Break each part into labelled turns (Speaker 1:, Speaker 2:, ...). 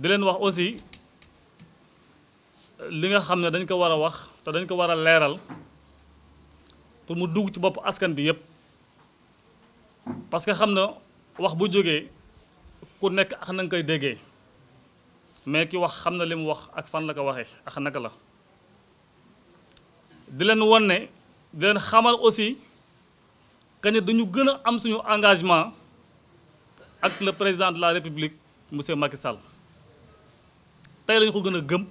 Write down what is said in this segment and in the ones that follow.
Speaker 1: di leen wax aussi li nga xam ne dañ ko war a wax te dañ ko war a leeral pour mu dugg ci bopp askan bi yépp parce que xam na wax bu jógee ku nekk ak na nga koy déggee mais ki wax xam na li mu wax ak fan la ko waxee ak naka la di leen won ne di leen xamal aussi que ne dañu gën a am suñu engagement ak la président de la république monsieur Macky sal tey lañ ko gën a gëm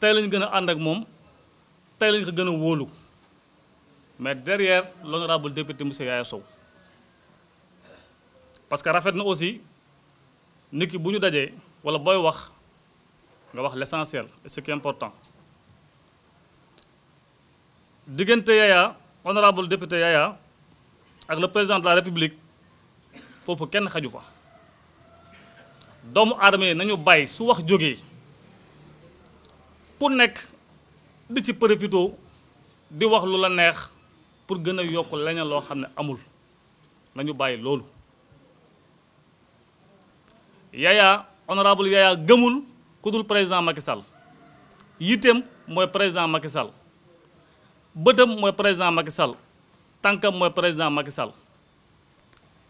Speaker 1: tey lañ gën a ànd ak moom tey lañ ko gën a wóolu mais derrière l'honorable député monsieur Yaya Sow parce que rafet na aussi nit ki bu ñu dajee wala booy wax nga wax l'essentiel et ce qui important diggante Yaya honorable député Yaya ak le président de la république foofu kenn xaju fa doomu aadama yi nañu bàyyi su wax jógee ku nekk di ci profito di wax lu la neex pour gën a yokk leneen loo xam ne amul nañu bàyyi loolu Yaya honorable Yaya gëmul ku dul président Macky Sall yitteem mooy président makisal Sall bëtam mooy président Macky Sall tànkam mooy président Macky Sall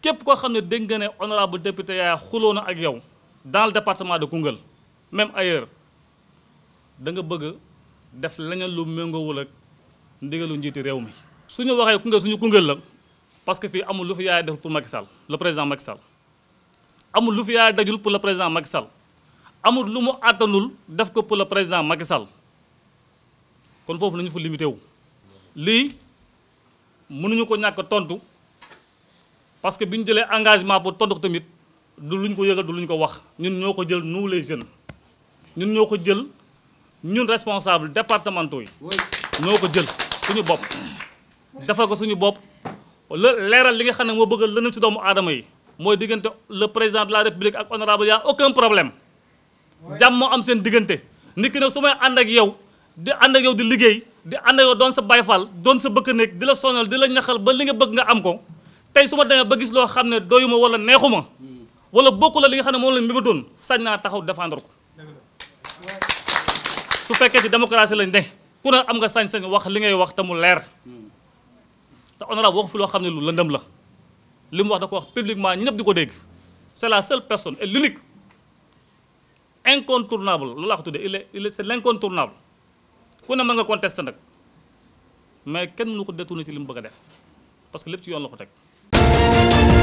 Speaker 1: képp koo xam ne dégg nga ne honorable député Yaya xuloo na ak yow dans le département de Koungheul même ailleurs da nga bëgg def leneen lu méngoowul ak ndigalu njiiti réew mi. suñu waxee Koungheul suñu Koungheul la parce que fii amul lu fi yaay def pour Macky Sall le président Macky Sall amul lu fi yaay dajul président Macky Sall amul lu mu àttanul def ko pour le président Macky Sall kon foofu nañu fa limité wu. lii mënuñu ko ñàkk tontu parce que bi ñu jëlee engagement pour tontu tamit. du luñ ko yëgal du lu ñu ko wax ñun ñoo ko jël nous les jeunes ñun ñoo ko jël ñun responsable départementaux yi ñoo ko jël suñu bopp defal ko suñu bopp le leeral li nga xam ne moo bëgg lënal si doomu aadama yi mooy diggante le président de la république ak honorable y'a aucun problème jàmm moo am seen diggante nit ki ne su may ànd ak yow di ànd ak yow di liggéey di ànd ak yow doon sa bayfal doon sa bëkk néeg di la sonal di la ñaxal ba li nga bëgg nga am ko su ma demee ba gis loo xam ne doyuma wala neexuma hmm. wala bokk la li nga xam ne moom lañ bi ma doon sañ naa taxaw défendre ko su fekkee ci démocratie lañ ne ku ne am nga sañ-sañ wax li ngay wax te mu leer te honorable wax fi loo xam ne lu lëndëm la li mu wax da ko wax publiquement ñëpp di ko dégg c'est la seule personne et l'unique incontournable loolu laa ko tuddee il est il est c'est l'incontournable ku ne mën nga contesté nag mais kenn nu ko détourné ci li mu bëgg a def parce que lépp ci yoon la ko teg